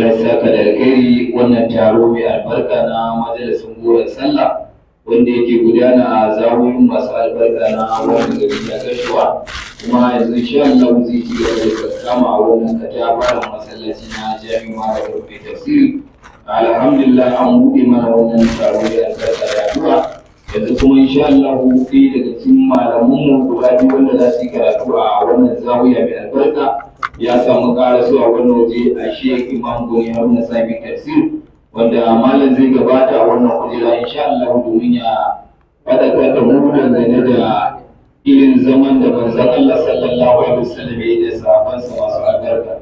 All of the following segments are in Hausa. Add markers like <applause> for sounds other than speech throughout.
Allah da alkhairi wannan taro mai albarka na majalisin goron sallah wanda yake gudana a zawoyin masu albarka na wani gari da gashuwa kuma yanzu sha Allah zai ci gaba da kama a wannan fara masallaci na jami'a da rufe tafsiri alhamdulillah an buɗe mana wannan taro mai albarka addu'a yanzu kuma insha Allah ɗaya daga cikin malamanmu guda biyu wanda za su yi karatu a wannan zahuya mai albarka ya samu a wannan waje a shek imam ya haruna sami tafsir wanda malam zai gabata a wannan kujera insha Allah domin ya faɗaɗa da mu dangane da irin zaman da manzon Allah sallallahu alaihi wasallam ya da sahabbansa masu albarka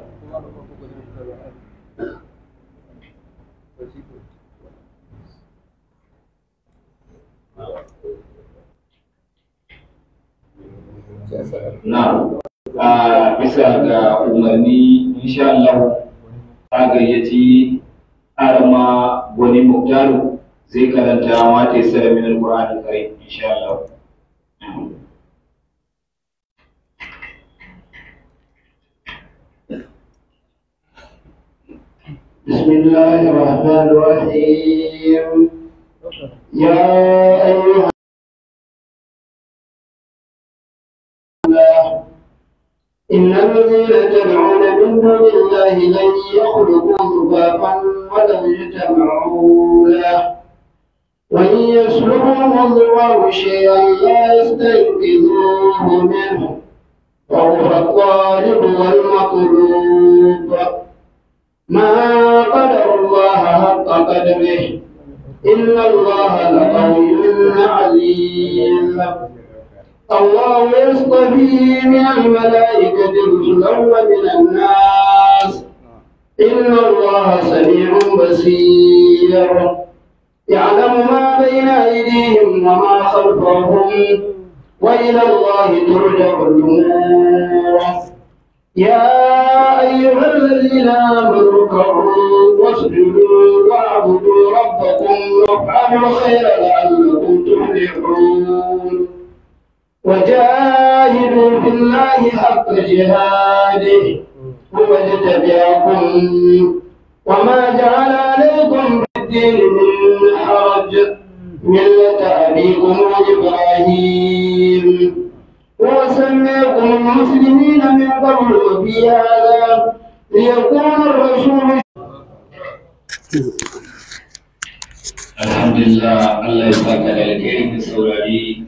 Na'am. a bisa ga umarni insha Allah ta gayyaci arma gwani muktaru zai karanta ma ta yi salamin alƙur'ani kare insha Allah. بسم الله الرحمن الرحيم يا أيها والذين تدعون من دون الله لن يخلقوا ذبابا ولم يجتمعوا له وإن يسلبهم الله شيئا لا يستيقظوه منه وهو الطالب والمطلوب ما قدر الله حق قدره إن الله لقوي عليم الله يصطفي من نعم الملائكة رسلا ومن الناس إن الله سميع بصير يعلم ما بين أيديهم وما خلفهم وإلى الله ترجع الأمور يا أيها الذين آمنوا اركعوا واسجدوا واعبدوا ربكم وافعلوا الخير لعلكم تفلحون وجاهدوا في الله حق جهاده هو اجتباكم وما جعل عليكم في الدين من حرج ملة أبيكم إبراهيم وسميكم المسلمين من قبل في هذا ليكون الرسول الحمد لله الله يسعدك على الكريم السوري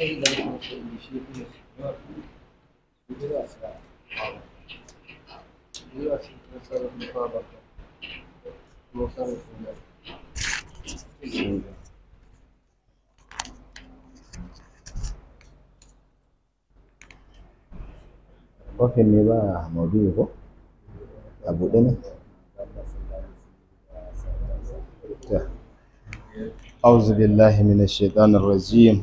وفي نبا موديو ابو دين اعوذ بالله من الشيطان الرجيم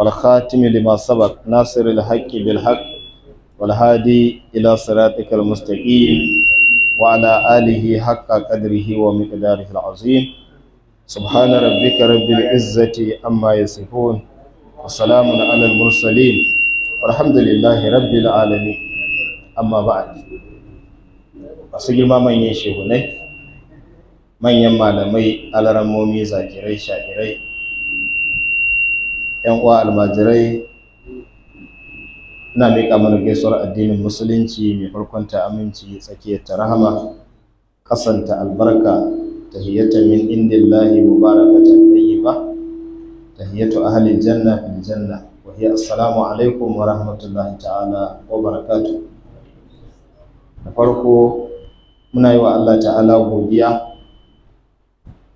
والخاتم لما سبق ناصر الحق بالحق والهادي إلى صراطك المستقيم وعلى آله حق قدره ومقداره العظيم سبحان ربك رب العزة أما يصفون وسلام على المرسلين والحمد لله رب العالمين أما بعد أسجل ما من يشيبني من يمال مي على رمومي زاكري شاكري yan uwa almajirai ina miƙa mana gaisuwar addinin musulunci mai farkonta aminci tsakiyar ta rahama kasanta albarka tahiyyatan min indillahi mubarakatan tayyiba tahiyyatu ahli janna fil janna wa hiya assalamu alaikum wa rahmatullahi ta'ala wa barakatuh da farko muna yi wa Allah ta'ala godiya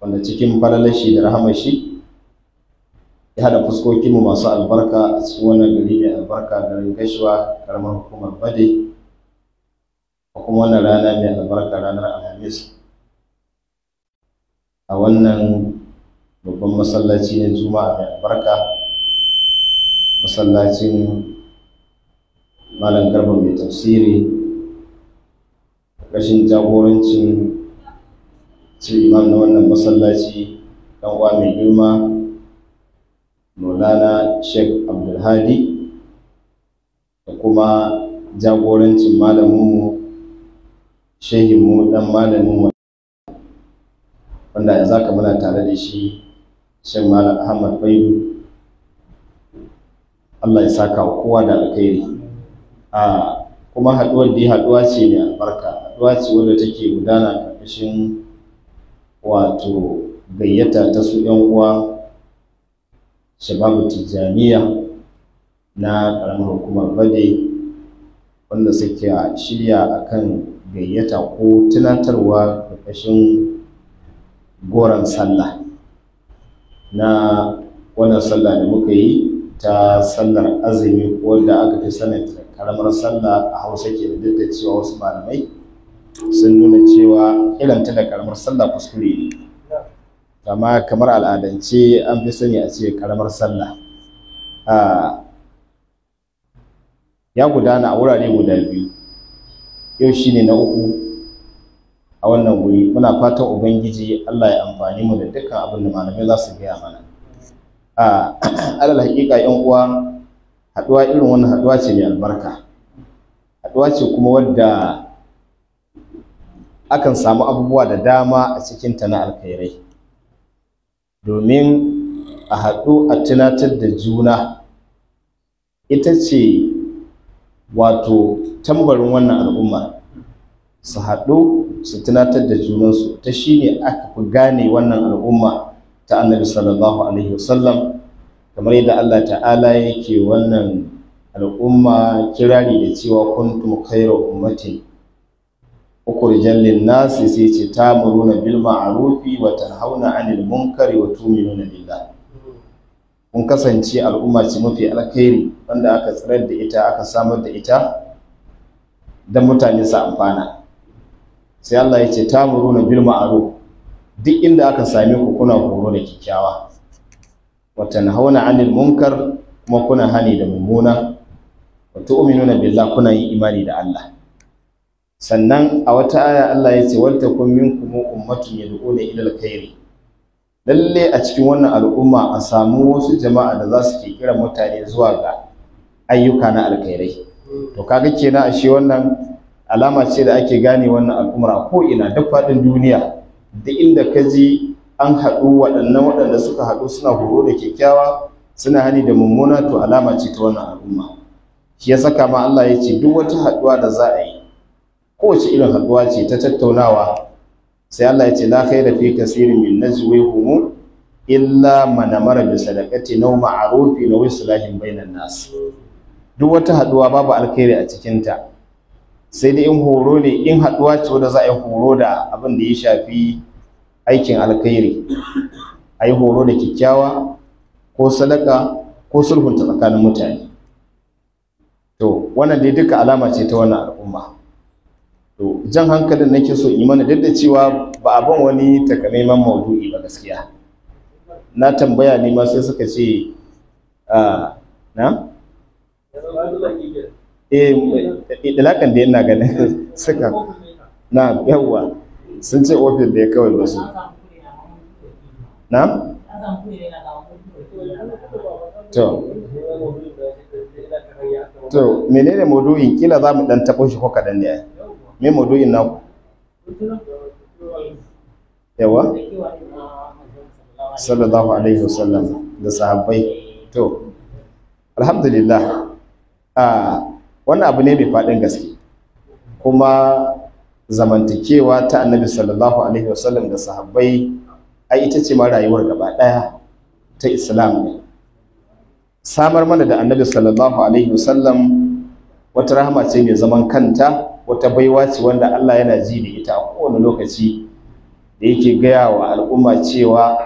wanda cikin falalashi da rahama shi. ya hada fuskokinmu masu albarka a cikin wannan gari mai albarka garin gashuwa karamar hukumar bade a kuma wannan rana mai albarka ranar alhamis a wannan babban masallaci na juma'a mai albarka masallacin malam garba mai tafsiri rashin jagorancin cin imam na wannan masallaci dan wa mai girma maulana sheikh abdulhadi da kuma jagorancin malaminmu shehinmu dan malaminmu wanda yanzu ka muna tare da shi shan malam ahmad bayu allah ya saka wa kowa da alkhairi a kuma haɗuwar da haɗuwa ce mai albarka haduwa ce wadda take gudana ƙarƙashin wato gayyata ta su 'yan uwa shababu tijjaniya na karamar hukumar bade wanda suke shirya a kan gayyata ko tunatarwa kashin goron sallah na wannan sallah da muka yi ta sallar azumi wanda aka fi sanata karamar sallah a hausa ke da da cewa wasu malamai sun nuna cewa ta da karamar sallah kuskure ne amma kamar al'adance an fi sani a ce karamar sallah ya gudana a wurare guda biyu yau shi ne na uku a wannan wuri muna fatan ubangiji Allah ya amfani mu da dukkan abin da malamai za su gaya mana a <clears throat> alal haƙiƙa yan uwa haɗuwa irin wannan haɗuwa ce mai albarka haɗuwa ce kuma wadda akan samu abubuwa da dama a cikinta na alkhairai domin a haɗu a tunatar da juna ita ce wato tambarin wannan al'umma su haɗu su tunatar da junansu ta shi ne aka fi gane wannan al'umma ta annabi sallallahu alaihi wasallam kamar yadda Allah ta'ala yake wannan al'umma kirari da cewa kuntum khairu ummatin ukurjan linnasi sai ce tamuruna bil ma'rufi wa tanhauna 'anil munkari wa tu'minuna billah kun kasance al'umma ce mafi alkhairi wanda aka tsirar da ita aka samar da ita don mutane su amfana sai Allah ya ce tamuruna bil ma'ruf duk inda aka same ku kuna horo da kikkiawa wa tanhauna 'anil munkar kuma kuna hani da mummuna wa tu'minuna billah kuna yin imani da Allah sannan a wata aya Allah ya ce walta kuma minkum ummatun yad'una ila alkhairi lalle a cikin wannan al'umma a samu wasu jama'a da za su ke kira mutane zuwa ga ayyuka na alkhairai to kaga kenan ashe wannan alama ce da ake gane wannan al'umma a ko ina duk faɗin duniya duk inda ka ji an haɗu waɗannan waɗanda suka haɗu suna horo da kyakkyawa suna hani da mummuna to alama ce ta wannan al'umma shi ya saka ma Allah ya ce duk wata haɗuwa da za a yi kowace irin haɗuwa ce ta tattaunawa sai Allah ya ce la khaira fi kasirin min najwihum illa man amara bi sadaqati naw na wuce islahin bainan nas duk wata haɗuwa babu alkhairi a cikin ta sai dai in horo ne in haɗuwa ce wanda za a yi horo da abin da ya shafi aikin alkhairi a yi horo da kyakkyawa ko sadaka ko sulhunta tsakanin mutane to wannan dai duka alama ce ta wannan al'umma to jan hankalin nake so imani duk da cewa ba a ban wani takamaiman maudu'i ba gaskiya na tambaya ne ma sai suka ce ah, na? eh ɗalakan da yana ganin suka na yawwa sun ce ofin da ya kawai ba su na? to to menene maudu'in kila za mu dan tabo shi ko kaɗan ne me maudu'in naku yawa sallallahu alaihi wasallam da sahabbai to alhamdulillah wannan abu ne mai fadin gaske kuma zamantakewa ta annabi sallallahu alaihi wasallam da sahabbai ai ita ce ma rayuwar gaba daya ta islam ne samar mana da annabi sallallahu alaihi wasallam wata rahama ce mai zaman kanta wata baiwa ce wanda Allah yana ji da ita a kowane lokaci da yake gaya wa al'umma cewa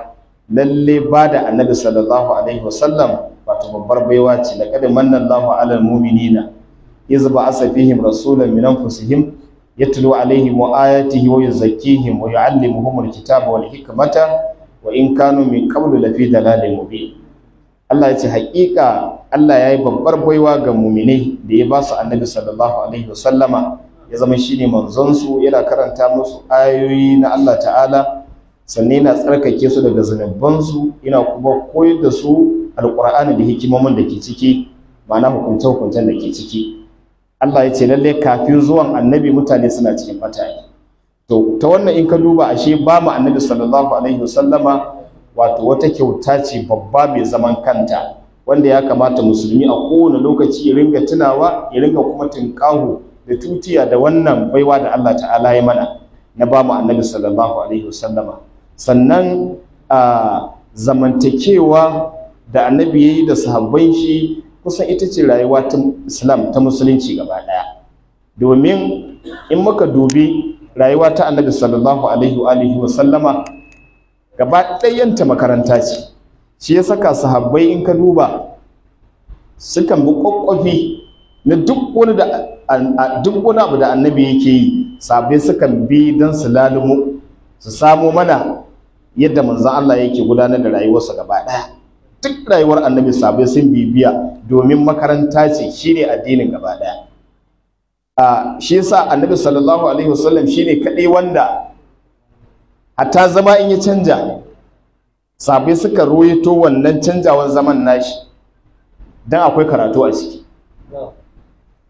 lalle ba da annabi sallallahu alaihi wasallam wato babbar baiwa ce da kada manna Allahu alal mu'minina iz ba'asa rasulan min anfusihim yatlu alaihim ayatihi wa yuzakkihim wa yu'allimuhum alkitaba wal hikmata wa in kanu min qablu lafi dalalin mubin Allah ya ce haƙiƙa Allah ya yi babbar baiwa ga muminai da ya ba su annabi sallallahu alaihi wasallama ya zama shine manzonsu yana karanta musu ayoyi na Allah ta'ala sanne yana tsarkake su daga zunubansu yana kuma koyar da su alƙur'ani da hikimomin da ke ciki ma'ana hukunce-hukuncen da ke ciki Allah ya ce lallai kafin zuwan annabi mutane suna cikin mutane to ta wannan in ka duba ashe ba mu annabi sallallahu alaihi wasallama wato wata kyauta ce babba mai zaman kanta wanda ya kamata musulmi a kowane lokaci ya ringa tunawa ya ringa kuma tunƙahu da tutiya da wannan baiwa da Allah ta'ala ya mana na ba mu annabi sallallahu alaihi wasallama sannan a zamantakewa da annabi yayi da sahabban shi kusan ita ce rayuwa ta islam ta musulunci gaba daya domin in muka dubi rayuwa ta annabi sallallahu alaihi wa alihi wasallama gaba ta makaranta ce shi ya saka sahabbai in ka duba sukan bi kwakwafi na duk wani da duk wani abu da annabi yake yi sabbi sukan bi don su lalumu su samo mana yadda manzan Allah yake gudanar da rayuwarsa gaba ɗaya duk rayuwar annabi sabbi sun bibiya domin makaranta ce shine addinin gaba ɗaya shi yasa annabi sallallahu alaihi wasallam shine kaɗai wanda hatta zama in ya canja sabbi suka royeto wannan canjawan zaman nashi don akwai karatu a ciki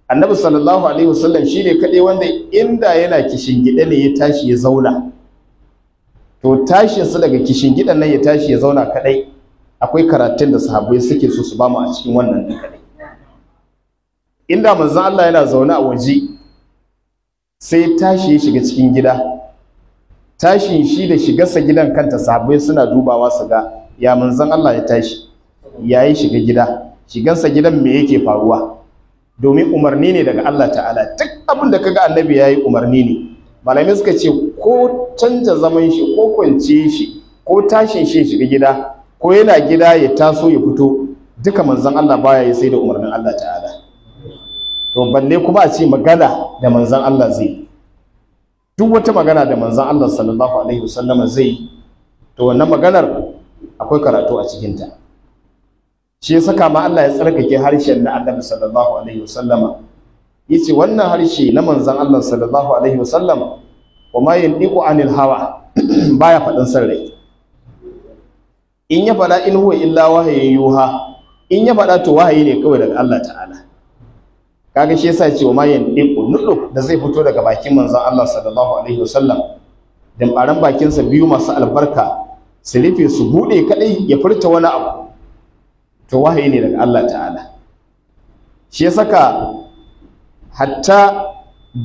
annabi sallallahu alaihi wasallam shine kaɗai wanda inda yana kishingide ne ya tashi ya zauna to tashinsa daga kishingidan nan ya tashi ya zauna kaɗai akwai karatun da sahabbai suke so su bamu a cikin wannan ɗin kaɗai inda manzon Allah yana zaune a waje sai tashi ya shiga cikin gida tashin shi da shigarsa gidan kanta sahabbai suna dubawa su ga ya manzon Allah ya tashi ya yi shiga gida Shigarsa gidan me yake faruwa domin umarni ne daga Allah ta'ala duk abin da kaga annabi ya yi umarni ne malamai suka ce ko canja zaman shi ko kwance shi ko tashin shi shiga gida ko yana gida ya taso ya fito duka manzon Allah baya yi sai da umarnin Allah ta'ala to balle kuma a ce magana da manzon Allah zai duk wata magana da manzon Allah sallallahu alaihi wasallama zai to wannan maganar akwai karatu a cikinta shi ya saka ma Allah ya tsarkake harshen na Annabi sallallahu alaihi wasallama yace wannan harshe na manzon Allah sallallahu alaihi wasallama wa ma yandiqu anil hawa <clears throat> baya faɗin san rai in ya faɗa in huwa illa wahayi yuha in ya faɗa to wahayi ne kawai daga Allah ta'ala kaga shi yasa ce wa ma yandiqu nulu da zai fito daga bakin manzon Allah sallallahu alaihi wasallam dan baran bakin sa biyu masu albarka su rufe su bude kadai ya furta wani abu to wahayi ne daga Allah ta'ala shi ya saka hatta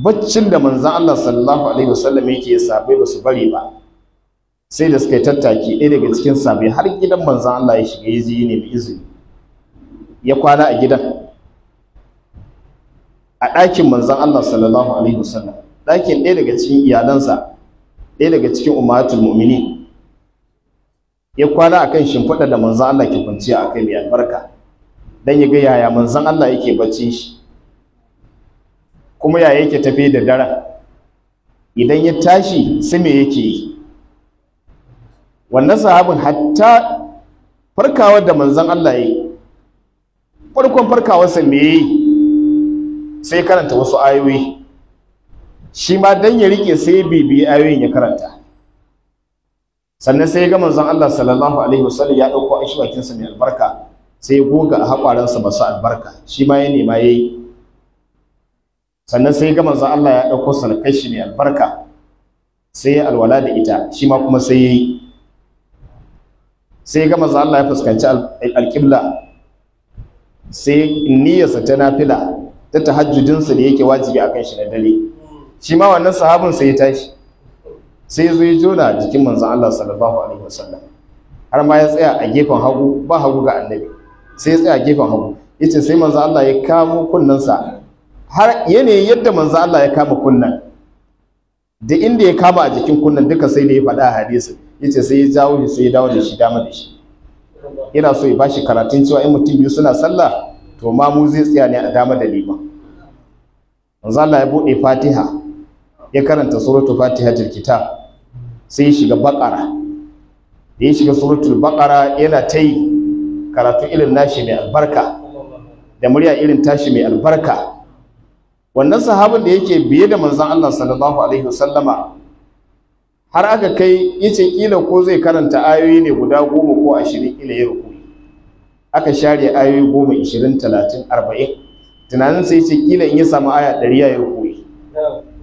baccin da manzan Allah sallallahu alaihi wasallam yake sabai ba su bari ba sai da suka yi tattaki ɗaya daga cikin sabai har gidan manzan Allah ya shiga yaji ne mai izini ya kwana a gidan a ɗakin manzan Allah sallallahu alaihi wasallam ɗakin ɗaya daga cikin iyalansa ɗaya daga cikin ummatul mu'minin ya kwana a kan shimfiɗa da manzan Allah ke kwanciya kai mai albarka don ya ga yaya manzan Allah yake bacci shi kuma yaya yake tafi da daren idan ya tashi su me yake yi wannan sahabin hatta farkawa da manzan Allah yi farkon farkawarsa me yi sai karanta wasu ayoyi shi ma dan ya rike sai bibi ayoyin ya karanta sannan sai ya ga manzon Allah sallallahu alaihi wasallam ya dauko ashwakin sa mai albarka sai ya goga a hakwaran sa masu albarka shi ma ya nema yayi sannan sai ya ga manzon Allah ya dauko salkai shi mai albarka sai ya alwala da ita shi ma kuma sai yayi sai ya ga manzon Allah ya fuskanci alqibla sai niyyarsa ta nafila ta tahajjudinsa da yake wajibi akan shi na dare shi ma wannan sahabin sai ya tashi sai zai zo ya jona jikin manzon Allah sallallahu alaihi wasallam har ma ya tsaya a gefen hagu ba hagu ga annabi sai ya tsaya a gefen hagu yace sai manzon Allah ya kamo kunnensa har yene yadda manzon Allah ya kama kunnan. da inda ya kama a jikin kunnan, duka sai da ya faɗa a hadisi yace sai ya jawo shi sai ya dawo da shi dama da shi yana so ya bashi karatun cewa in mutum biyu suna sallah to ma mu zai tsaya ne a dama da liman manzo Allah ya bude Fatiha ya karanta suratul Fatiha til kitab sai shiga bakara da ya shiga suratul bakara yana ta yi karatu irin nashi mai albarka da murya irin tashi mai albarka wannan sahabin da yake biye da manzon Allah sallallahu alaihi wasallama har aka kai yace kila ko zai karanta ayoyi ne guda goma ko ashirin kila ya rukuni. aka share ayoyi goma ishirin talatin arba'in tunanin sai yace kila in ya samu aya ɗari ya rukuni.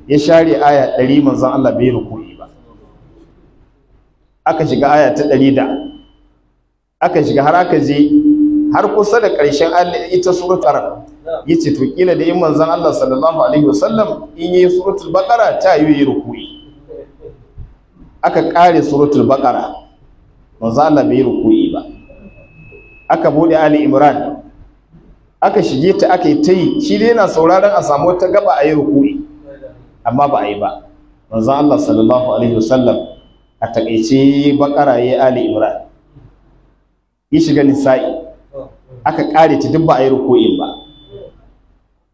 ya share aya ɗari manzon Allah bai rukuni. aka shiga aya ta ɗari da aka shiga har aka je har kusa da ƙarshen ita surutar ya ce to ƙila da yin manzan Allah sallallahu alaihi wasallam in yi surutar baƙara ta yi yi rukuri aka ƙare suratul baƙara manzan Allah bai rukuri ba aka buɗe Ali Imran aka shige ta aka yi ta yi shi dai yana sauraron a samu wata gaba a yi rukuri amma ba a yi ba manzan Allah sallallahu alaihi wasallam a takaice bakara ya ali imran ya shiga nisa'i aka kare ta duk ba a yi ruku'in ba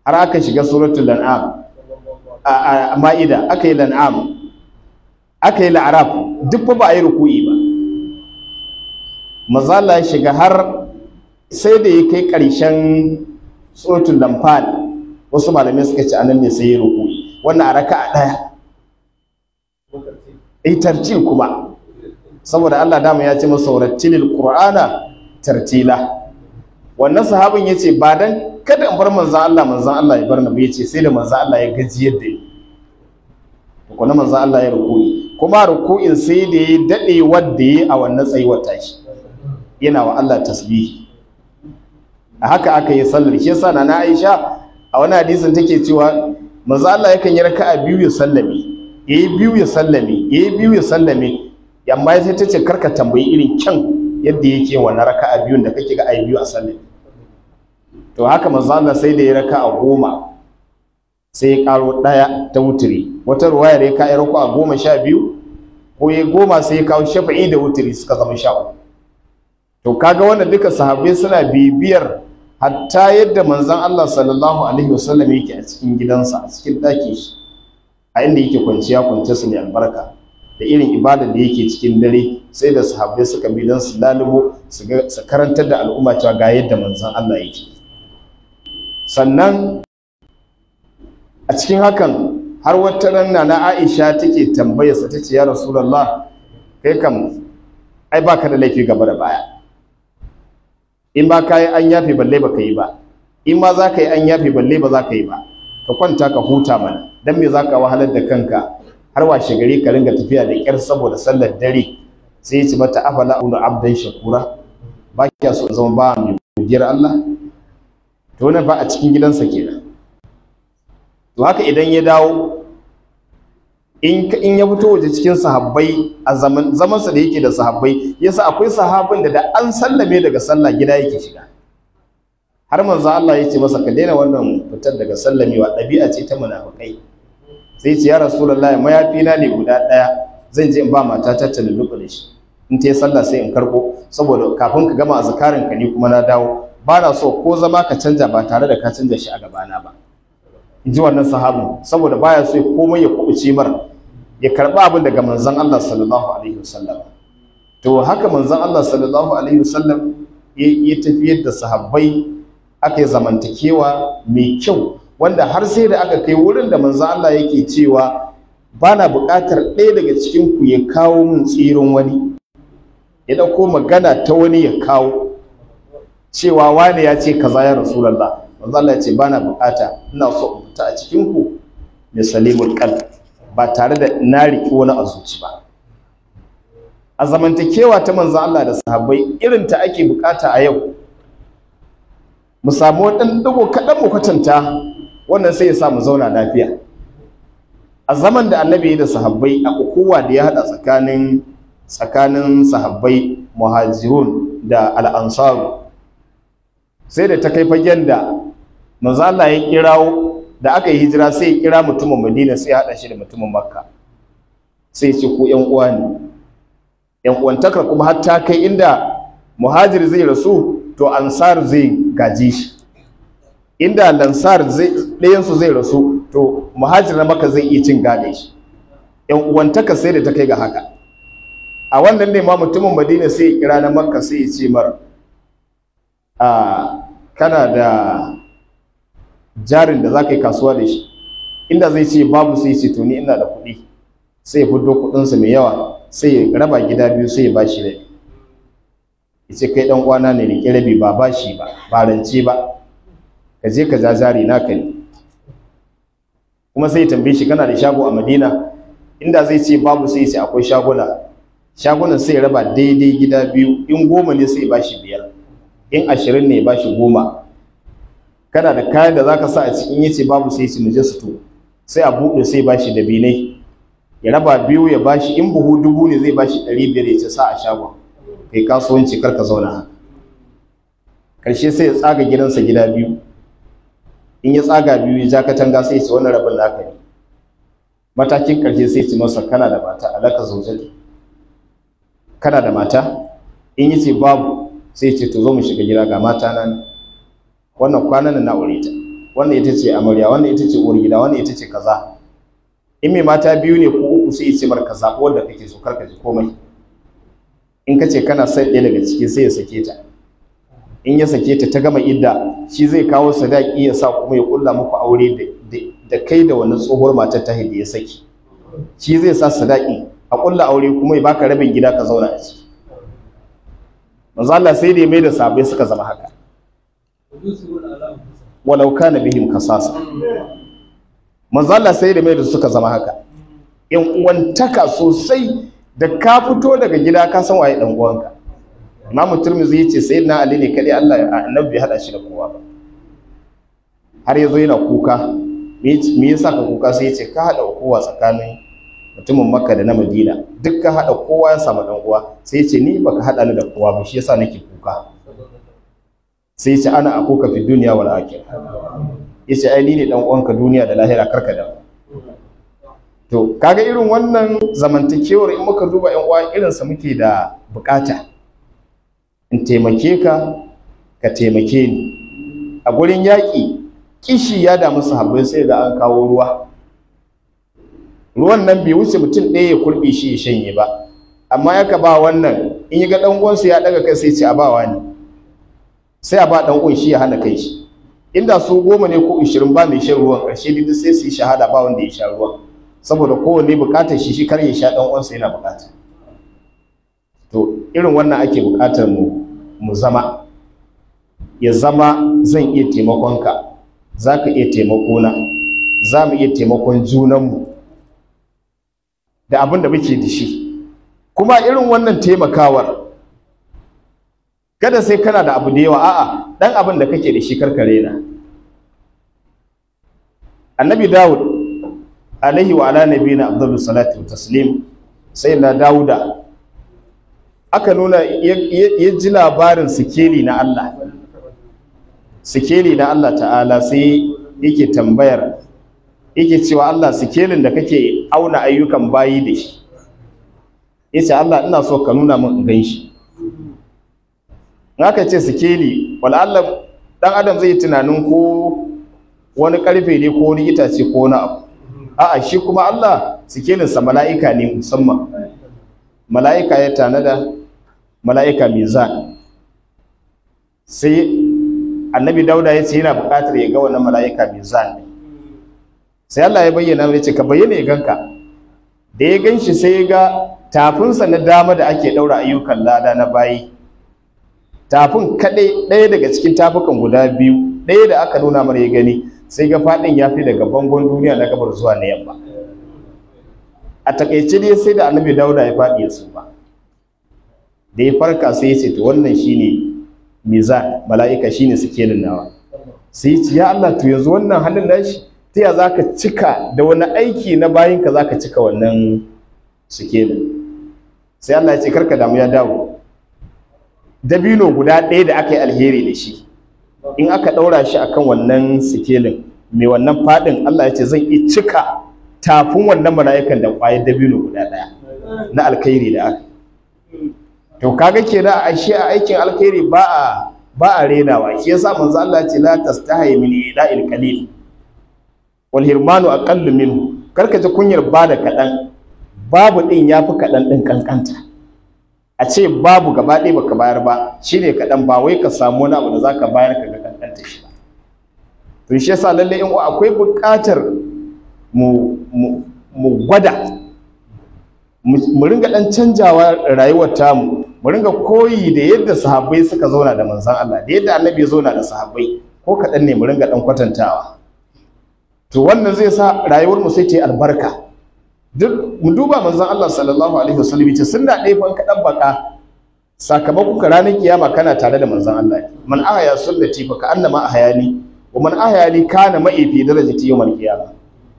har aka shiga suratul lan'am a ma'ida aka yi lan'am aka yi la'arab duk ba a yi ruku'i ba mazala ya shiga har sai da ya kai ƙarshen suratul lanfal wasu malamai suka ce anan ne sai ya ruku'i wannan a raka'a ɗaya yi tartil kuma saboda Allah dama ya ce masa rattilil qur'ana tartila wannan sahabin ya ce ba dan kada in bar manzan Allah manzan Allah ya bar na yace ce sai da manzan Allah ya gaji yadda ya kuma manzan Allah ya ruku kuma ruku'in sai da ya daɗe wadda ya a wannan tsayuwar tashi yana wa Allah tasbihi a haka aka yi sallar shi yasa na Aisha a wani hadisin take cewa manzan Allah yakan yi raka'a biyu ya sallame yayi biyu ya sallame yi biyu ya sallame yamma sai ta ce karka tambayi irin kyan yadda yake wani a biyun da kake ga ayi biyu a sallame to haka manzo sai da ya raka a goma sai ya karo daya ta wutiri wata ruwayar ya kai a goma sha biyu ko ya goma sai ya kawo shafa'i da wutiri suka zama sha uku to kaga wannan duka sahabbai suna bibiyar hatta yadda manzon Allah sallallahu alaihi wasallam yake a cikin gidansa a cikin ɗakin shi a inda yake kwanciya kwance su ne albarka da irin ibadar da yake cikin dare sai da sahabbai suka bi don su lalubo su karantar da al'umma cewa ga yadda manzon Allah yake sannan a cikin hakan har wata ranna na Aisha take tambayarsa ta ce ya Rasulullah kai kam ai baka da laifi gaba da baya in ba ka yi an yafe balle ba ka yi ba in ma za ka yi an yafe balle ba za ka yi ba ka kwanta ka huta mana dan me zaka wahalar da kanka har washe gari ka ringa tafiya da kyar saboda sallar dare sai ya ci mata afala ulu abdan shakura ba kiya so zama ba mai godiyar Allah to wannan ba a cikin gidansa kenan to haka idan ya dawo in in ya fito waje cikin sahabbai a zaman zamansa da yake da sahabbai yasa akwai sahabin da da an sallame daga sallah gida yake shiga har manzo Allah ya ce masa ka daina wannan fitar daga sallamewa ɗabi'a ce ta munafikai sai ce ya rasulullah mayafi na ne guda ɗaya zan je in ba mata ta lulluɓa da shi in ta yi sallah sai in karɓo saboda kafin ka gama azkarin ka ni kuma na dawo ba na so ko zama ka canja ba tare da ka canja shi a gabana ba in ji wannan sahabu saboda baya so komai ya kubuce mar ya karɓi abin daga manzon Allah sallallahu alaihi wasallam to haka manzon Allah sallallahu alaihi wasallam ya tafiyar da sahabbai aka yi zamantakewa mai kyau wanda har sai da aka kai wurin da manzo Allah yake cewa bana buƙatar ɗaya daga cikin ku ya kawo min tsirin wani ya ɗauko magana ta wani ya kawo cewa Wani ya ce kaza ya rasulullah manzo Allah ya ce bana buƙata ina so in fita a cikin ku da salimul ba tare da na riki wani a zuci ba a zamantakewa ta manzo Allah da sahabbai irin ta ake buƙata a yau mu samu wani ɗigo kaɗan mu kwatanta wannan sai ya sa mu zauna lafiya a zaman da annabi da sahabbai a kowa da ya haɗa tsakanin tsakanin sahabbai muhajirun da al'ansaru sai da ta kai fagen da manzala ya kirawo da aka yi hijira sai ya kira mutumin madina sai ya haɗa shi da mutumin makka sai ce ko yan uwa ne yan uwantakar kuma har ta kai inda muhajir zai rasu to ansar zai gaji shi inda lansar ɗayansu zai rasu to muhajir na maka zai iya cin gadon shi yan uwantaka sai da ta kai ga haka a wannan ne ma mutumin madina sai ya kira na makka sai ya ce mara a kana da jarin da za ka yi kasuwa da shi inda zai ce babu sai ce to ina da kuɗi sai ya fito kuɗinsa mai yawa sai ya raba gida biyu sai ya ba shi rai ce kai dan uwana ne rike rabi ba bashi ba ba rance ba ka je ka zazare naka ne kuma sai ya tambaye shi kana da shago a Madina inda zai ce babu sai ce akwai shaguna shagunan sai ya raba daidai gida biyu in goma ne sai bashi biyar in ashirin ne bashi goma kana da kayan da zaka sa a cikin yace babu sai ce muje su to sai a buɗe sai bashi da binai ya raba biyu ya bashi in buhu dubu ne zai bashi ɗari biyar ya ce sa a shagon kai kasuwanci kar ka zauna karshe sai ya tsaga gidansa gida biyu in ya tsaga biyu ya ja katanga sai ya ci wannan rabin naka matakin karshe sai ya ci masa kana da mata alaka zaujati kana da mata in ya ce babu sai ya ce to zo mu shiga gida ga mata nan wannan kwanan na aure ta wannan ita ce amarya wannan ita ce uwar gida wannan ita ce kaza in mai mata biyu ne ko uku sai ya ce mar ka zaɓi wanda kake so kar ka ji komai in ka ce kana son ɗaya daga ciki sai ya sake ta in ya sake ta ta gama idda shi zai kawo sadaki ya sa kuma ya kulla muku aure da kai da wani tsohuwar matar ta da ya saki shi zai sa sadaki a kulla aure kuma ya baka rabin gida ka zauna a ciki manzo Allah sai da mai da sabai suka zama haka walau kana bihim kasasa manzo Allah sai da mai da suka zama haka yan uwantaka sosai da ka fito daga gida ka san waye dan uwanka Imam Tirmidhi yace sayyidina Ali ne kadai Allah annabi hada shi da kowa ba har yazo yana kuka me yasa ka kuka sai yace ka hada kowa tsakanin mutumin Makka da na Madina duk ka hada kowa ya samu dan uwa sai yace ni baka hada ni da kowa ba shi yasa nake kuka sai yace ana akoka fi duniya wal akhirah yace ai ni ne dan uwanka duniya da lahira karka da to kaga irin wannan zamantakewar in muka duba yan uwa irinsa muke da bukata in taimake ka ka taimake ni a gurin yaƙi kishi ya damu sahabbai sai ga an kawo ruwa ruwan nan bai wuce mutum ɗaya ya kurɓe shi ya shanye ba amma yaka ba wannan in yi ga ɗan ya ɗaga kai sai ce a bawa ni, sai a ba ɗan shi ya hana kai shi inda su goma ne ko ishirin ba mai shan ruwan ƙarshe duk sai su yi shahada ba wanda ya sha ruwan saboda kowane bukatar shi shi kar ya sha ɗan uwansa yana bukata to irin wannan ake bukatar mu mu zama ya zama zan iya taimakonka za ka iya taimakona za mu iya taimakon junanmu da abin da muke da shi kuma irin wannan taimakawar kada sai kana da abu da yawa a'a dan abin da kake da shi karkare na annabi dawud alaihi wa ala na abdullu salatu taslim sai na dauda aka nuna ya ji labarin sikeli na Allah sikeli na Allah ta'ala sai yake tambayar yake cewa Allah sikelin da kake auna ayyukan bayi da shi ya ce Allah ina so ka nuna min gan shi naka ce sikeli wala'alla dan adam zai tunanin ko wani karfe ne ko wani itace ko wani abu a'a shi kuma Allah sikelin sa mala'ika ne musamman mala'ika ya tanada mala'ika mizan sai annabi dauda ya ce yana buƙatar ya ga wannan mala'ika mizan sai Allah ya bayyana ya ce ka bayyana ya ganka da ya gan sai ya ga tafinsa na dama da ake ɗaura ayyukan lada na bayi tafin kaɗai ɗaya daga cikin tafukan guda biyu ɗaya da aka nuna mara ya gani sai ga faɗin ya fi daga bangon duniya na gabar zuwa na yamma a takaice dai sai da annabi dauda ya faɗi ya suma da ya farka sai ya ce to wannan shine mizan mala'ika shine sikelin nawa sai ya ce ya Allah to yanzu wannan hannun nashi ta ya zaka cika da wani aiki na bayin ka zaka cika wannan suke sikelin sai Allah ya ce karka damu ya dawo dabino guda ɗaya da aka yi alheri da shi in aka ɗaura shi akan wannan sikelin mai wannan faɗin Allah ya ce zan yi cika tafin wannan mala'ikan da ƙwayar dabino guda ɗaya na alkhairi da aka to kaga kenan a shi a aikin alkhairi ba a ba a renawa shi yasa manzo Allah ya ce la tastahi min ida'il qalil wal hirmanu aqallu min karka ji kunyar ba da kaɗan babu ɗin ya fi kaɗan ɗin ƙanƙanta a ce babu gaba ɗaya baka bayar ba shine kaɗan ba wai ka samu wani abu da za ka bayar ka to shi yasa lalle in akwai buƙatar mu gwada mu ringa dan canjawa rayuwar tamu mu ringa koyi da yadda sahabbai suka zauna da manzon Allah da yadda annabi ya zauna da sahabbai ko kaɗan ne mu ringa dan kwatantawa to wannan zai sa rayuwar mu sai ta yi albarka duk mu duba manzon Allah sallallahu alaihi wasallam ce sun da ɗaya fa kaɗan baka sakamakon ranar kiyama kana tare da manzon Allah man ahaya sunnati baka ka annama ahayani wa man ahayali kana ma'ifi yawan yawmal qiyamah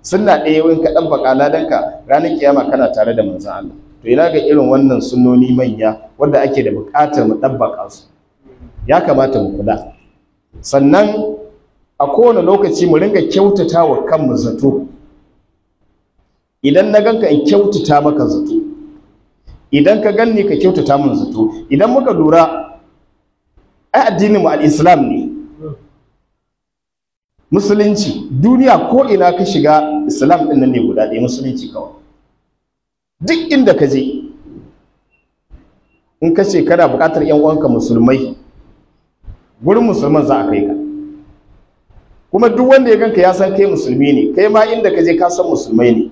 sunna ɗaya wani ka dan bakala danka ranar kiyama kana tare da manzan Allah to ina ga irin wannan sunnoni manya wanda ake da buƙatar mu dabbaka su ya kamata mu kula sannan a kowane lokaci mu ringa kyautata wa kanmu zato idan na ganka in kyautata maka zato idan ka ganni ka kyautata min zato idan muka lura ai addinin mu al-islam ne musulunci duniya ko ina ka shiga islam ɗin nan ne guda ɗaya musulunci kawai duk inda ka je in ka ce kana buƙatar yan uwanka musulmai gurin musulman za a kai ka kuma duk wanda ya ganka ya san kai musulmi ne kai ma inda ka je ka san musulmai ne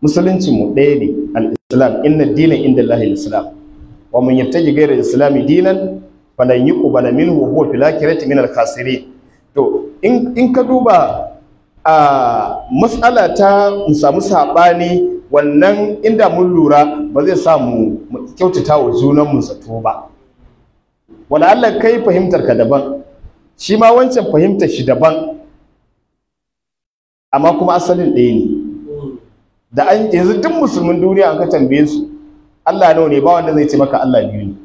musulunci mu ɗaya ne al-islam inna dinan inda lahi al-islam wa mun yattaji ghayra al-islami dinan falan yuqbala minhu wa huwa fil akhirati min al-khasirin to in ka duba a matsala ta mu samu saɓani wannan inda mun lura ba zai sa mu kyautata wa junanmu zato ba Wani Allah kai fahimtar ka daban shi ma wancan fahimtar shi daban amma kuma asalin ɗaya ne da an yanzu duk musulmin duniya an ka tambaye su Allah nawa ne ba wanda zai ce maka Allah biyu ne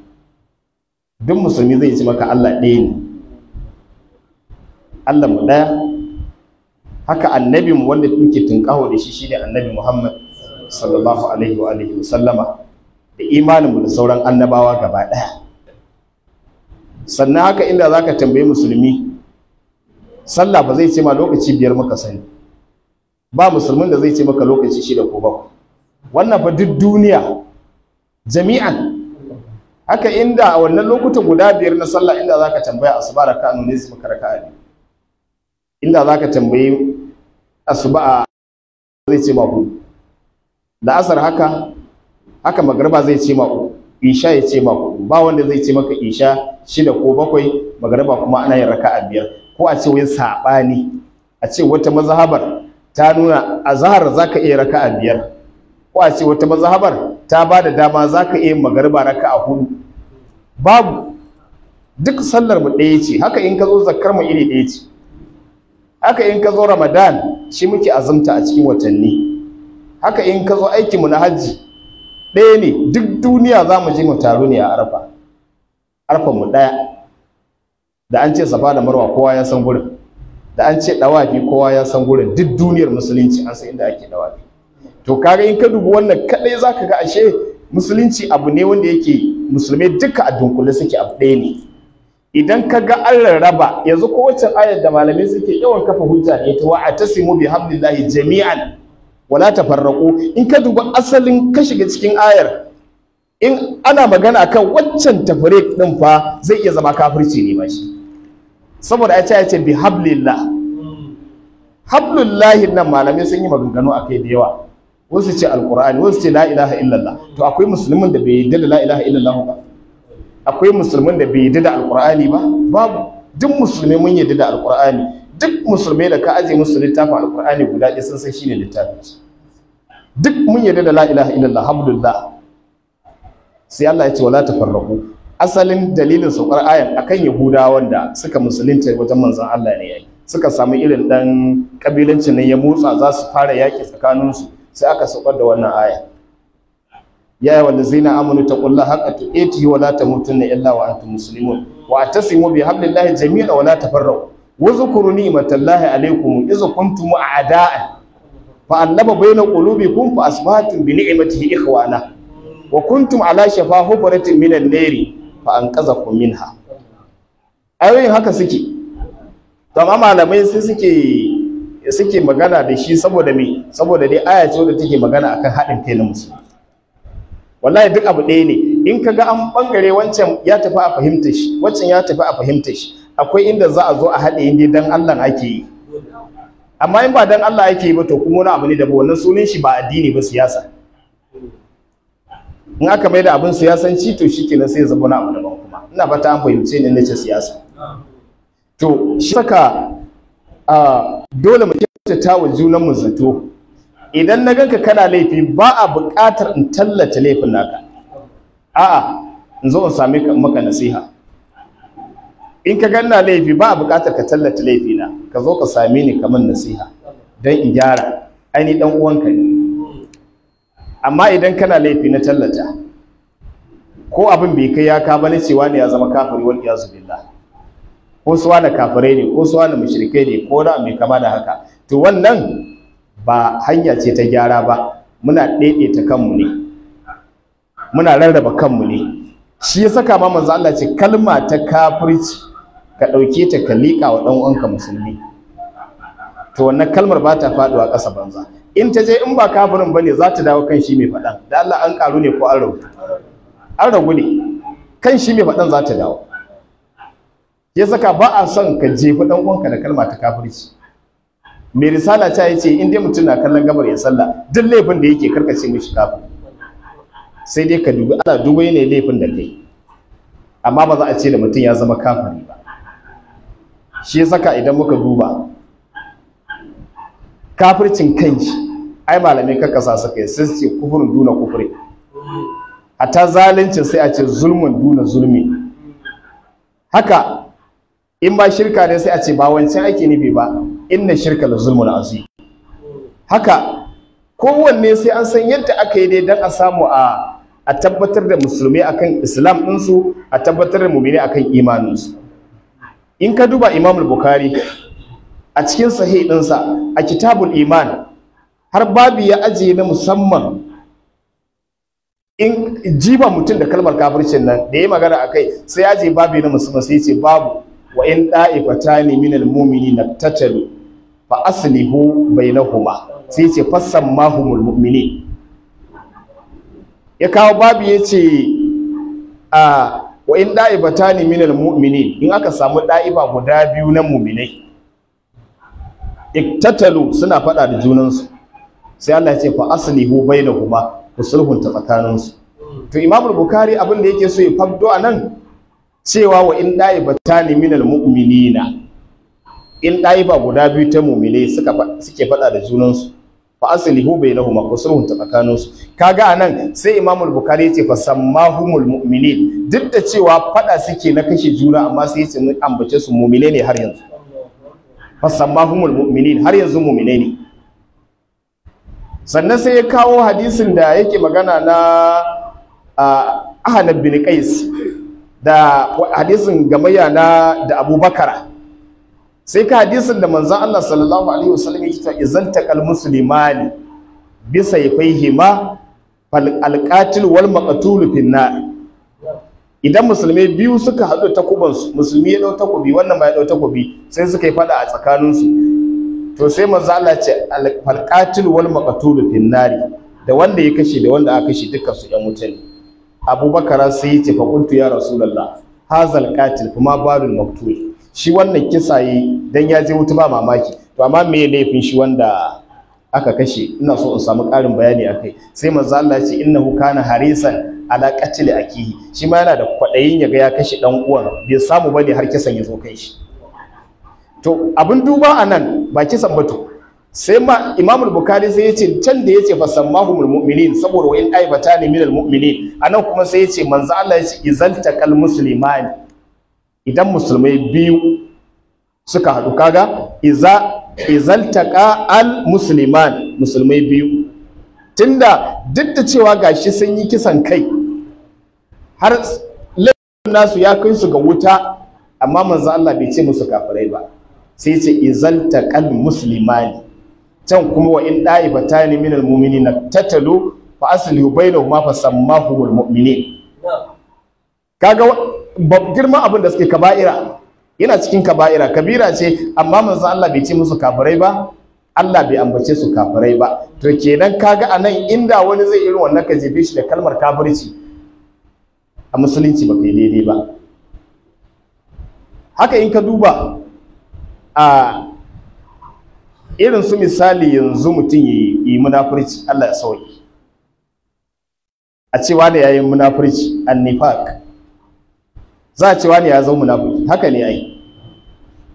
duk musulmi zai ce maka Allah ɗaya ne Allah mu daya haka annabi mu wanda kuke tunkaho da shi shine annabi Muhammad sallallahu alaihi wa alihi wa sallama da imanin mu da sauran annabawa gaba daya sannan haka inda zaka tambaye musulmi sallah ba zai ce ma lokaci biyar muka sani ba musulmin da zai ce maka lokaci shida ko bakwai wannan fa duk duniya jami'an haka inda a wannan lokutan guda biyar na sallah inda zaka tambaya asuba raka'anu ne zai maka raka'a inda za ka tambayi asuba zai ce ma da asar haka haka magarba zai ce ma isha ya ce ma ba wanda zai ce maka isha shida ko bakwai magarba kuma ana yin a biyar ko a ce wai saɓani a ce wata mazahabar ta nuna a zahar za ka iya raka a biyar ko a ce wata mazahabar ta ba da dama za ka iya magarba a hudu babu duk sallar mu ɗaya ce haka in ka zo zakkar mu iri ɗaya ce haka in ka zo ramadan shi muke azumta a cikin watanni haka in ka zo aikinmu na hajji ɗaya ne duk duniya za mu je mu taru ne a arfa arfa mu ɗaya da an ce safa da marwa kowa ya san gurin da an ce ɗawafi kowa ya san gurin duk duniyar musulunci an san inda ake ɗawafi to kaga in ka dubi wannan kaɗai za ka ga ashe musulunci abu ne wanda yake musulmai duka a dunkule suke abu ɗaya ne idan ka ga allah raba, yanzu ko waccan ayar da malamai suke yawan kafa hujja ne ta wa atasimu bi hablillahi jami'an wala tafarraqu in ka duba asalin ka shiga cikin ayar in ana magana akan waccan tafriq din fa zai iya zama kafirci ne ba shi saboda a ce a ce bi hablillah hablullahi nan malamai sun yi maganganu akai da yawa wasu ce alqur'ani wasu ce la ilaha illallah to akwai musulmin da bai yarda da la ilaha illallah ba akwai musulmin da bai yadda da alkur'ani ba babu duk musulmi mun yadda da alkur'ani duk musulmi da ka aje musu littafin alkur'ani guda ɗaya sun san shine littafin su duk mun yadda da la ilaha illallah hamdulillah sai Allah ya ce wala tafarraqu asalin dalilin saukar ayan akan yahudawan wanda suka musulunta wajen manzon Allah ne yayi suka samu irin dan kabilancin nan ya motsa za su fara yaƙi tsakaninsu sai aka saukar da wannan aya ya yi ta amanu haka ta eti wa mutum na illa wa antum muslimun wa atasimu bi lahi jami'a wa la farra wa alaikum ni'matallahi kuntu mu a a'da'an fa allaba bayna kun fa asbahatum bi ni'matihi ikhwana wa kuntum ala shafa hufratin minan nari fa min ha. ayoyin haka suke don amma malamai sai suke suke magana da shi saboda me saboda dai aya ce wadda take magana akan haɗin kai na musulmi wallahi duk abu ɗaya ne in ka ga an ɓangare wancan ya tafi a fahimta shi wancan ya tafi a fahimta shi akwai inda za a zo a haɗe inda dan Allah ake yi amma in ba dan Allah ake yi ba to kuma wani abu ne da ba wannan sunan shi ba addini ba siyasa in aka mai da abin siyasanci to kenan sai ya zama wani abu daban kuma ina fata an fahimce ni nace siyasa to shi saka ah, dole mu kyautata wa junanmu zato idan na ganka kana laifi ba a buƙatar in tallata laifin naka a'a in zo in same ka maka nasiha in ka ganna laifi ba a buƙatar ka tallata laifina ka zo ka same ni kamar nasiha don in gyara ainihin dan uwanka ne amma idan kana laifi na tallata ko abin bai kai ya ka bane cewa ne ya zama kafiri wal iyazu billah ko suwa na kafirai ne ko suwa na mushrikai ne ko na mai kama da haka to wannan ba hanya ce ta gyara ba muna ta kanmu ne muna rarraba kanmu ne shi ya saka ma manzo Allah ce kalma ta kafirci ka ɗauke ta ka liƙa wa ɗan uwanka musulmi to wannan kalmar ba ta a ƙasa banza in ta je in ba kafirin bane za ta dawo kan shi mai faɗan da Allah an karu ne ko an ragu an ragu ne kan shi mai faɗan za ta dawo ya saka ba a son ka jefi ɗan uwanka da kalma ta kafirci mai risala ta yi ce inda mutum na kallon gabar ya sallah duk laifin da yake karkace mishi kafin sai dai ka dubi ana dubo ne laifin da kai amma ba za a ce da mutum ya zama kafari ba shi ya saka idan muka duba kafircin kanshi ai malamai kakkasa suka yi sai su ce kufurin duna kufure ta zalincin sai a ce zulmin duna zulmi haka in ba shirka ne sai a ce ba wancan ake nufi ba inna shirka la zulmun azim haka kowanne sai an san yadda aka yi dai don a samu a a tabbatar da musulmi akan islam ɗinsu a tabbatar da mumini akan imaninsu in ka duba imamul bukhari a cikin sahih ɗinsa a kitabul iman har babu ya ajiye na musamman in jiba mutum da kalmar kafircin nan da ya magana a kai sai ya je babu na musamman sai ce babu wa in ɗa'ifatani minal mumini na tattalu fa aslihu bainahuma sai ce fassan mahumul mu'mini ya kawo babu yace, ce a wa in ta ne minal mu'mini in aka samu da'iba guda biyu na mu'minai iktatalu suna faɗa da junansu sai Allah ya ce fa aslihu bainahuma ku sulhunta tsakaninsu to Imam Bukhari abin da yake so ya fabdo anan cewa wa in ta ne minal mu'minina in ɗaiba guda biyu ta mumine suke faɗa da junansu fa aslihu bainahuma qasrun ta tsakaninsu kaga anan sai Imam al-Bukhari yace fa sammahumul mu'minin duk da cewa fada suke na kashe juna amma sai yace mun ambace su mu'mine ne har yanzu fa sammahumul mu'minin har yanzu mu'mine ne sannan sai ya kawo hadisin da yake magana na Ahnab bin Qais da hadisin gamayya na da Abubakar. sai ka hadisin da manzo Allah sallallahu alaihi wasallam yake cewa idan taqal muslimani bi sayfihima fal alqatil wal maqtul finna idan musulmai biyu suka haɗu takuban su musulmi ya dau takubi wannan ma ya dau takubi sai suka yi fada a tsakanin su to sai manzo Allah ce fal qatil wal maqtul finnari da wanda ya kashe da wanda aka kashe dukkan su ɗan mutane ne abubakar sai ya ce fa kuntu ya rasulullah hazal qatil kuma barul maqtul shi wannan kisa yi dan ya je wuta ba mamaki to amma me laifin shi wanda aka kashe ina so in samu ƙarin bayani akai sai manzo Allah ya ce innahu kana harisan ala qatl akihi shi ma yana da kwadayin yaga ya kashe dan uwan bai samu bane har kisan ya zo kai shi to abin duba anan ba kisan ba to sai ma Imam Bukhari sai ya ce can da yace fasammahumul mu'minin saboda wa'in aibatani minal mu'minin anan kuma sai ya ce manzo Allah ya ce izalta kal muslimani idan musulmai biyu suka haɗu kaga iza izaltaka al musliman musulmai biyu tunda duk da cewa gashi sun yi kisan kai har laifin nasu ya kai su ga wuta amma manzo Allah bai ce musu kafirai ba sai ce al muslimani can kuma wa in da'ifatani min na tatalu fa aslihu bainahuma fa sammahu almu'minin kaga girman abin da suke kaba'ira yana cikin kaba'ira kabira ce amma manzo Allah bai ce musu kafirai ba Allah bai ambace su kafirai ba to kenan kaga anan inda wani zai irin wannan ka jefe shi da kalmar kafirci a musulunci ba kai daidai ba haka in ka duba a irin su misali yanzu mutum yi munafurci Allah ya sauki a cewa da yayin munafurci annifaq za a ce wani ya zo munafurci haka ne ai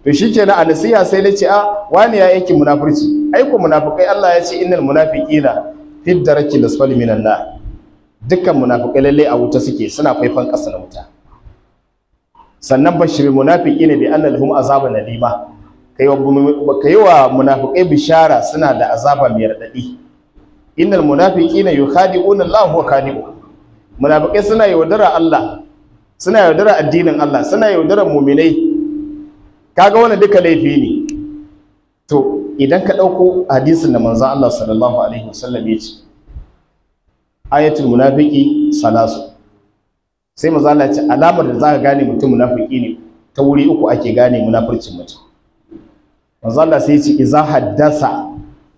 to shikenan a nasiha sai na ce a wani ya yake munafurci ai munafukai munafikai Allah ya ce innal munafiqina fi darakil asfali minan nar dukkan munafikai lalle a wuta suke suna faifan ƙasa na wuta sannan bashir munafiqina bi anna lahum azaban ka kai wa munafikai bishara suna da azaba mai radadi innal munafiqina yukhadi'una Allah wa khadi'u munafikai suna yaudara Allah suna yaudara addinin Allah suna yaudara muminai kaga wani duka laifi ne to idan ka ɗauko hadisin da manzan Allah sallallahu alaihi wasallam ya ce ayatul munafiki salasu sai manzon Allah ya ce alamar da za ka gane mutum munafiki ne ta wuri uku ake gane munafircin mutum manzan Allah sai ya ce iza haddasa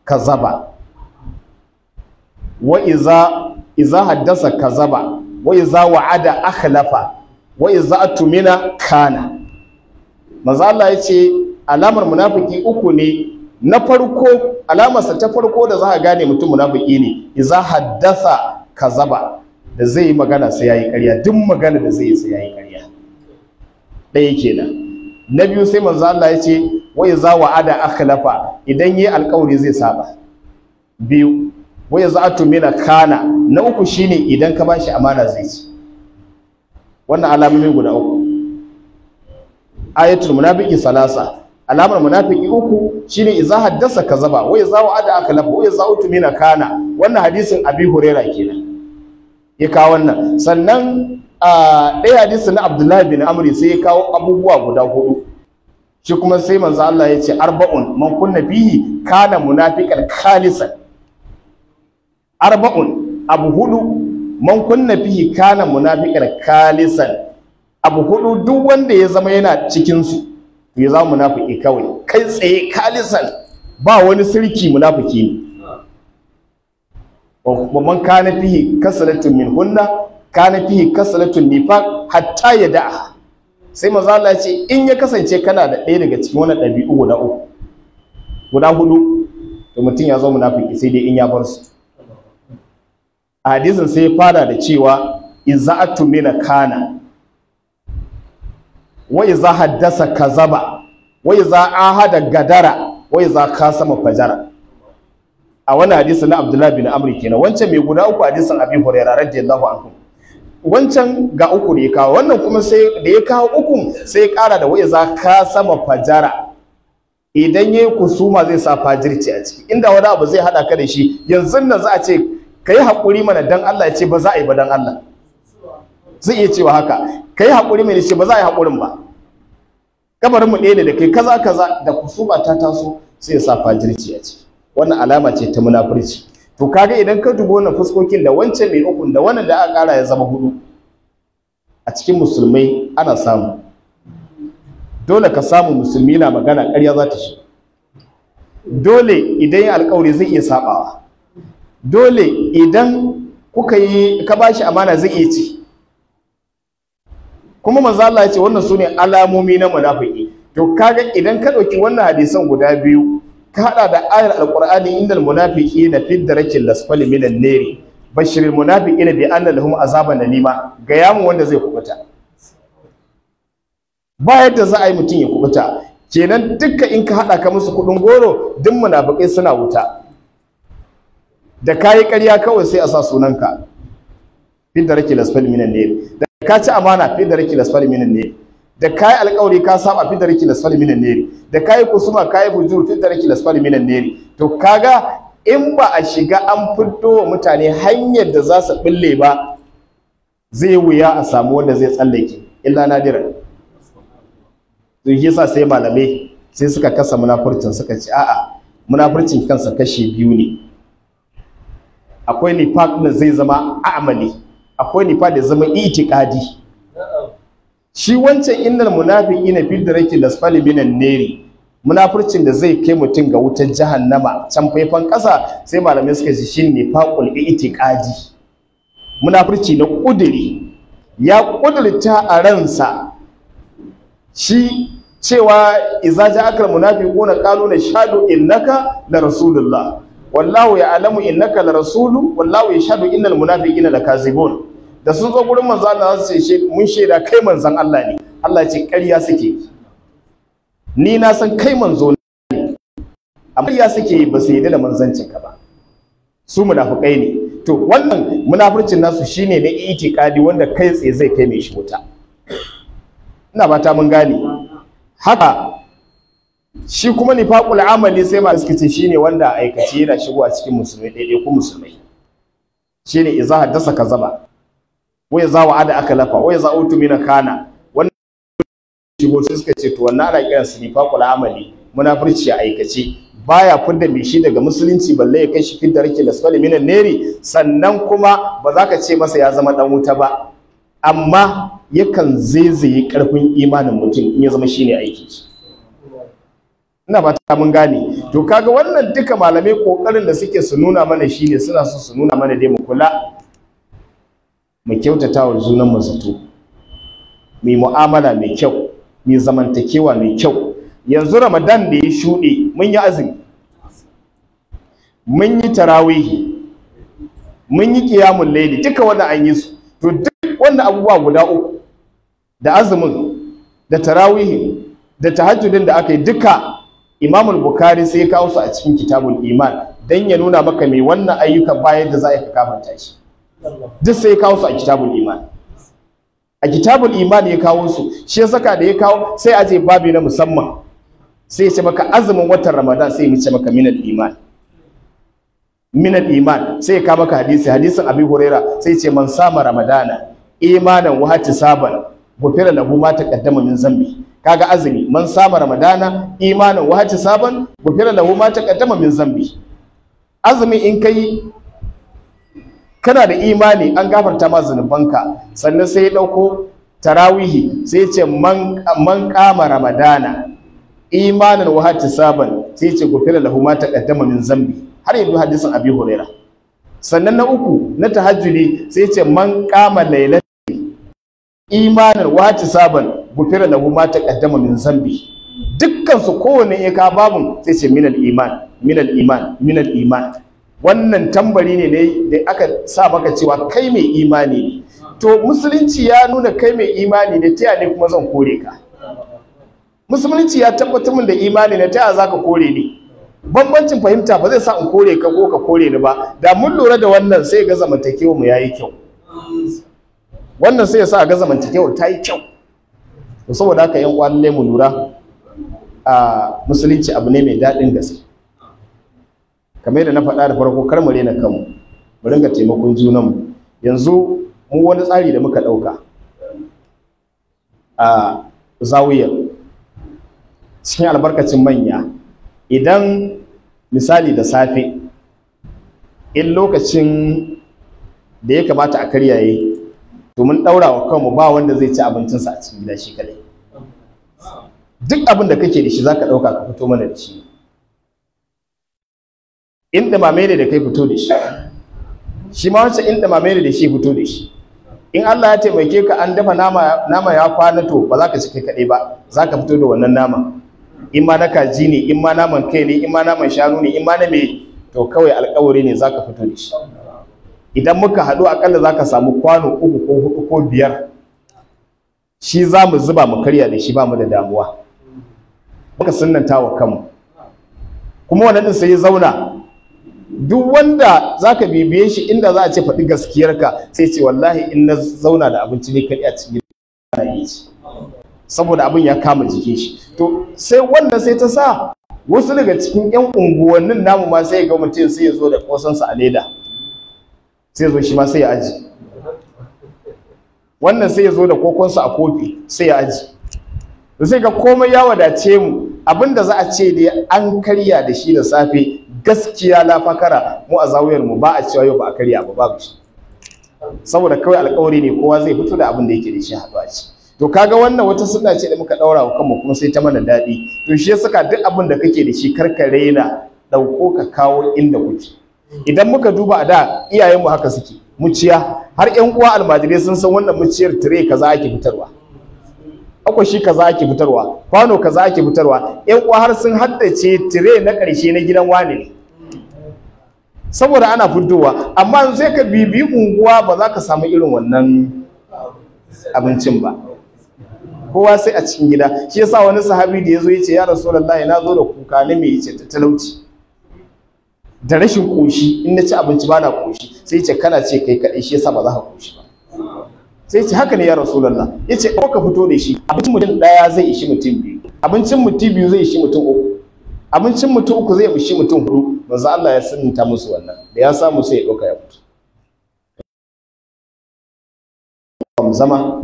kazaba wa iza iza haddasa kazaba wa iza wa'ada akhlafa wa izza'atu mina kana Maza Allah yace alamar munafiki uku ne na farko alamarsa ta farko da za a gane mutum munafiki ne iza haddasa kazaba da zai yi magana sai yayi ƙarya duk magana da zai yi sai yayi ƙarya ɗaya kenan na biyu sai manzo Allah ya ce wa wa'ada akhlafa idan yi alƙawari zai saba biyu Wa iza atumina kana na uku shine idan ka bashi amana zai ci wannan alamomi guda uku ayatul munafiqi salasa alamar munafiki uku shine idza haddasa kazaba wa idza wa'ada akhlafa wa idza utmina kana wannan hadisin abi huraira kenan ya kawo wannan sannan a ɗaya hadisi na abdullahi bin amri sai ya kawo abubuwa guda hudu shi kuma sai manzo Allah ya ce arba'un man kunna bihi kana munafiqan khalisan arba'un abu hudu man kunna fihi kana munafiqan kalisan abu hudu duk wanda ya zama yana cikin su ya zama munafiki kawai kai tsaye kalisan ba wani sirki munafiki ne wa man kana fihi kasalatun min hunna kana fihi kasalatun nifaq hatta yada'a sai manzo Allah ya ce in ya kasance kana da ɗaya daga cikin wannan ɗabi'u guda uku guda hudu to mutum ya zama munafiki sai dai in ya bar su a hadisin sai ya fara da cewa iza atumila kana wa iza haddasa kazaba wa iza ahada gadara wa iza kasama fajara a wani hadisi na Abdullahi bin Amr kenan wancan mai guda uku hadisin Abi Hurairah radiyallahu anhu wancan ga uku ne kawo wannan kuma sai da ya kawo uku sai ya kara da za ka sama fajara idan yayi kusuma zai sa fajirci a ciki inda wani abu zai hada ka da shi yanzu nan za a ce ka yi haƙuri mana dan Allah ya ce ba za a yi ba dan Allah zai iya cewa haka ka yi haƙuri mai ce ba za a yi haƙurin ba kabarin ɗaya ne da kai kaza kaza da kusuma ta taso sai ya sa fajirci ya ce wannan alama ce ta munafurci to kaga idan ka dubo wannan fuskokin da wancan mai ukun da wannan da aka ƙara ya zama hudu a cikin musulmai ana samu dole ka samu musulmi na magana ƙarya za ta shi dole idan ya alƙawari zai iya sabawa dole idan kuka yi ka bashi amana zai iya ci kuma manzo Allah ya ce wannan sune alamomi na munafiki to kaga idan ka ɗauki wannan hadisan guda biyu ka haɗa da ayar alqur'ani innal munafiqina fi darakil lasfali minan nari bashiril biyan bi anna lahum azaban nima, ga yamu wanda zai kubuta ba yadda za a yi mutum ya kubuta kenan dukkan in ka haɗa ka musu kuɗin goro duk munafukai suna wuta da kayi ƙarya kawai sai a sa sunanka fidda rake lasfal minan ne da ka ci amana fidda rake lasfal minan ne da kayi alƙawari ka saba fidda rake lasfal minan ne da kayi kusuma kayi bujur fidda rake lasfal minan ne to kaga in ba a shiga an fito wa mutane hanyar da za su bille ba zai wuya a samu wanda zai tsallake illa nadira to yasa sai malamai sai suka kasa munafurcin suka ci. a'a munafurcin kansa kashi biyu ne akwai nifaq da zai zama amali akwai nifaq da zama itikadi shi wancan innal munafiqina fil daraki lasfali minan nari munafurcin da zai kai mutum ga wutar jahannama can faifan ƙasa sai malamai suka ji shi ne faƙul itiƙadi munafurci na ƙudiri ya ƙudurta a ransa shi cewa iza ja akal munafiquna qalu nashhadu innaka la rasulullah wallahu ya'lamu innaka larasulu wallahu yashhadu innal munafiqina lakazibun da sun zo gurin manzo Allah su ce mun shaida kai manzon Allah ne Allah ya ce ƙarya suke ni na san kai manzo ne amma ya suke ba su yi da manzancin ka ba su munafukai ne to wannan munafurcin nasu shine na itikadi wanda kai tsaye zai kai mai shi wuta ina ba ta mun gane haka shi kuma nifaqul amali sai ma suka ce shine wanda aikace yana shigo a cikin musulmai daidai ku musulmai shine iza haddasa kazaba wa idza wa'ada akalafa wa utu mina kana wannan shigo sai suka ce to wannan ana kiran su nifaqul amali munafurci a aikace baya fidda mai shi daga musulunci balle ya kai shi fidda rake lasfali minan neri sannan kuma ba za ka ce masa ya zama dan wuta ba amma yakan zaizaye karfin imanin mutum in ya zama shine aiki ina ba ta mun gane to kaga wannan duka malamai kokarin da suke su nuna mana shine suna so su nuna mana dai mu kula mu kyautata wa junan mu zato mu mu'amala mai kyau mu zamantakewa mai kyau yanzu ramadan da ya shuɗe mun yi azumi mun yi tarawihi mun yi qiyamul layli duka wannan an yi su to duk wanda abubuwa guda uku da azumin da tarawihi da tahajjudin da aka yi duka imamul bukhari sai ya kawo su a cikin kitabul iman dan ya nuna maka mai wannan ayyuka bayan da za a kafanta shi duk sai ya kawo su a kitabul iman a kitabul iman ya kawo su shi ya saka da ya kawo sai a je babi na musamman sai ya ce maka azumin watan ramadan sai ya ce maka minal iman minal iman sai ya kawo maka hadisi hadisin abi huraira sai ya ce man sama ramadana imanan wa hatisaban gufira lahu ma taqaddama min zambi kaga azumi man sama ramadana imanin wahati saban gufira lahu ma taqaddama min zambi azumi in kai kana da imani an gafarta ma zunubanka sannan sai ya dauko tarawihi sai ya ce man man kama ramadana imanin wahati saban sai ya ce gufira lahu ma taqaddama min zambi har yanzu hadisin abi huraira sannan na uku na tahajjudi sai ya ce man kama lailatan imanin wahati saban gufira lahu ma taqaddama min zambi dukkan su kowanne ya ka babun sai ce minal iman minal iman minal iman wannan tambari ne da aka sa maka cewa kai mai imani ne to musulunci ya nuna kai mai imani ne ta ne kuma zan kore ka musulunci ya tabbatar min da imani ne ta za ka kore ni bambancin fahimta ba zai sa in kore ka ko ka kore ni ba da mun lura da wannan sai ga zamantakewa mu yayi kyau wannan sai ya sa ga zamantakewa ta yi kyau saboda haka yan uwa mu lura a musulunci abu ne mai daɗin gaske kamar yadda na faɗa da farko kar mu rena kanmu mu ringa taimakon junanmu yanzu mu wani tsari da muka ɗauka a zawiyar cikin albarkacin manya idan misali da safe in lokacin da ya kamata a karyaye to mun daura wa kanmu ba wanda zai ci abincin sa a cikin gida shi kadai duk abin da kake da shi zaka dauka ka fito mana da shi inda mame ne da kai fito da shi shi ma wace inda mame ne da shi fito da shi in Allah ya taimake ka an dafa nama nama ya kwana to ba za ka ci kai kadai ba za fito da wannan nama in ma na kaji ne in ma naman kai ne in ma naman shanu ne in ma na me to kawai alƙawari ne zaka fito da shi idan muka haɗu akalla za ka samu kwano uku ko hudu ko biyar shi za mu zuba mu karya da shi ba mu da damuwa muka sunnanta wa kanmu kuma wannan din sai ya zauna duk wanda za ka bibiye shi inda za a ce faɗi gaskiyarka sai ce wallahi in na zauna da abinci ne kaɗai a cikin na yi ci saboda abin ya kama jikin shi to sai wannan sai ta sa wasu daga cikin 'yan unguwannin namu ma sai ga mutum sai ya zo da kosansa a leda sai zo shi ma sai ya aji wannan sai ya zo da kokonsa a kofi sai ya aji da sai ga komai ya wadace mu abinda za a ce dai an karya da shi da safe gaskiya lafakara mu a zawiyar mu ba a cewa yau ba a karya ba babu shi saboda kawai alkawari ne kowa zai fito da abin da yake da shi haɗuwa ce to kaga wannan wata sunna ce da muka daura wa kanmu kuma sai ta mana daɗi to shi ya saka duk abin da kake da shi karka raina ɗauko ka kawo inda kuke idan muka duba a da iyayenmu haka suke muciya har yan uwa almajirai sun san wannan muciyar tire kaza ake fitarwa akwashi kaza ake fitarwa kwano kaza ake fitarwa yan uwa har sun haddace tire na ƙarshe na gidan wani ne saboda ana fitowa amma yanzu sai ka bibi unguwa ba za ka samu irin wannan abincin ba kowa sai a cikin gida shi yasa wani sahabi da yazo zo ya ce ya rasulullahi na zo da kuka ne mai yace ta talauci da rashin koshi in na ci abinci ba na koshi sai ce kana ce kai kaɗai shi yasa ba za ka koshi ba sai ce haka ne ya rasulallah ya ce ko ka fito da shi abincin mutum ɗaya zai ishi mutum biyu abincin mutum biyu zai ishi mutum uku abincin mutum uku zai ishi mutum huɗu manzo Allah ya sunanta musu wannan da ya samu sai ya ɗauka ya fito zama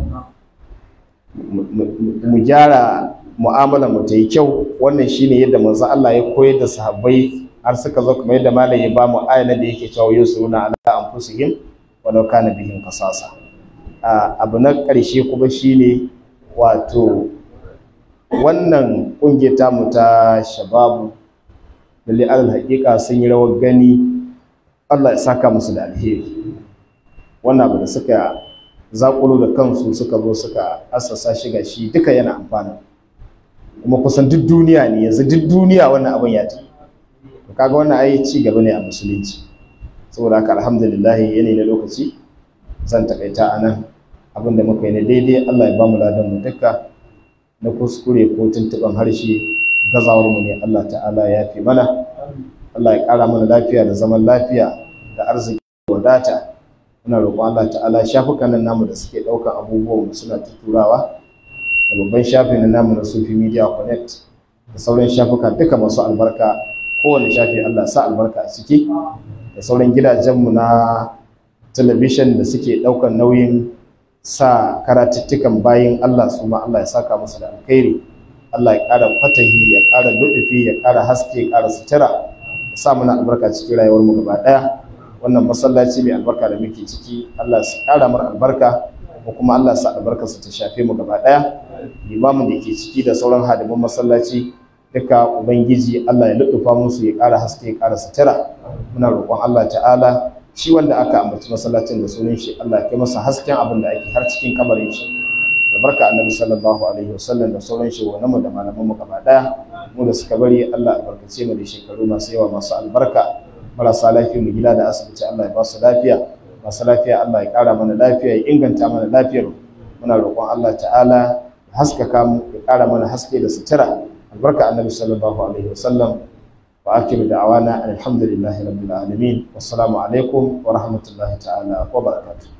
mu gyara mu'amala mu ta yi kyau wannan shine yadda manzo Allah ya koyar da sahabbai har suka zo kamar yadda malam ya ba mu ayyana da yake cewa yusuna ala anfusihim walau kana bihim qasasa abu na ƙarshe kuma shine wato wannan ƙungiyar tamu ta shababu lalle al haƙiƙa sun yi rawar gani Allah ya saka musu da alheri wannan abu da suka zaƙulo da kansu suka zo suka assasa shi ga shi duka yana amfana kuma kusan duk duniya ne yanzu duk duniya wannan abin ya tafi kaga wannan ai ci gaba ne a musulunci saboda haka alhamdulillah yana na lokaci zan takaita a nan abin da muka yi na daidai Allah ya ba mu ladan mu dukka na kuskure ko tuntuɓin harshe gazawar mu ne Allah ta'ala ya fi mana Allah ya kara mana lafiya da zaman lafiya da arziki da wadata muna roƙon Allah ta'ala shafukan nan namu da suke ɗaukan abubuwan mu suna tuturawa da babban shafin na namu na Sufi Media Connect da sauran shafuka duka masu albarka kowane shafi Allah sa albarka a ciki da sauran gidajenmu na talabishin da suke ɗaukar nauyin sa karatuttukan bayan Allah su ma Allah ya saka musu da alkhairi Allah ya ƙara fatahi ya ƙara luɗufi ya ƙara haske ya ƙara sutura ya sa mana albarka cikin rayuwarmu gaba ɗaya wannan masallaci mai albarka da muke ciki Allah ya ƙara mana albarka ko kuma Allah ya sa albarkarsa ta shafe mu gaba ɗaya limamin da ke ciki da sauran hadimin masallaci duka ubangiji Allah ya lullufa musu ya ƙara haske ya ƙara sutura muna roƙon Allah ta'ala shi wanda aka ambaci masallacin da sunan shi Allah ya kai masa hasken abin da ake har cikin kabarin shi albarka annabi sallallahu alaihi wasallam da sauran shi wa namu da malaman mu gaba daya mu da suka bari Allah albarkace mu da shekaru masu yawa masu albarka marasa lafiya mu gida da asibiti Allah ya ba su lafiya masu lafiya Allah ya ƙara mana lafiya ya inganta mana lafiyar muna roƙon Allah ta'ala haskaka mu ya ƙara mana haske da sutura albarka annabi sallallahu alaihi wasallam wa akiru da'awana alhamdulillahi rabbil alamin wassalamu alaikum wa rahmatullahi ta'ala wa barakatuh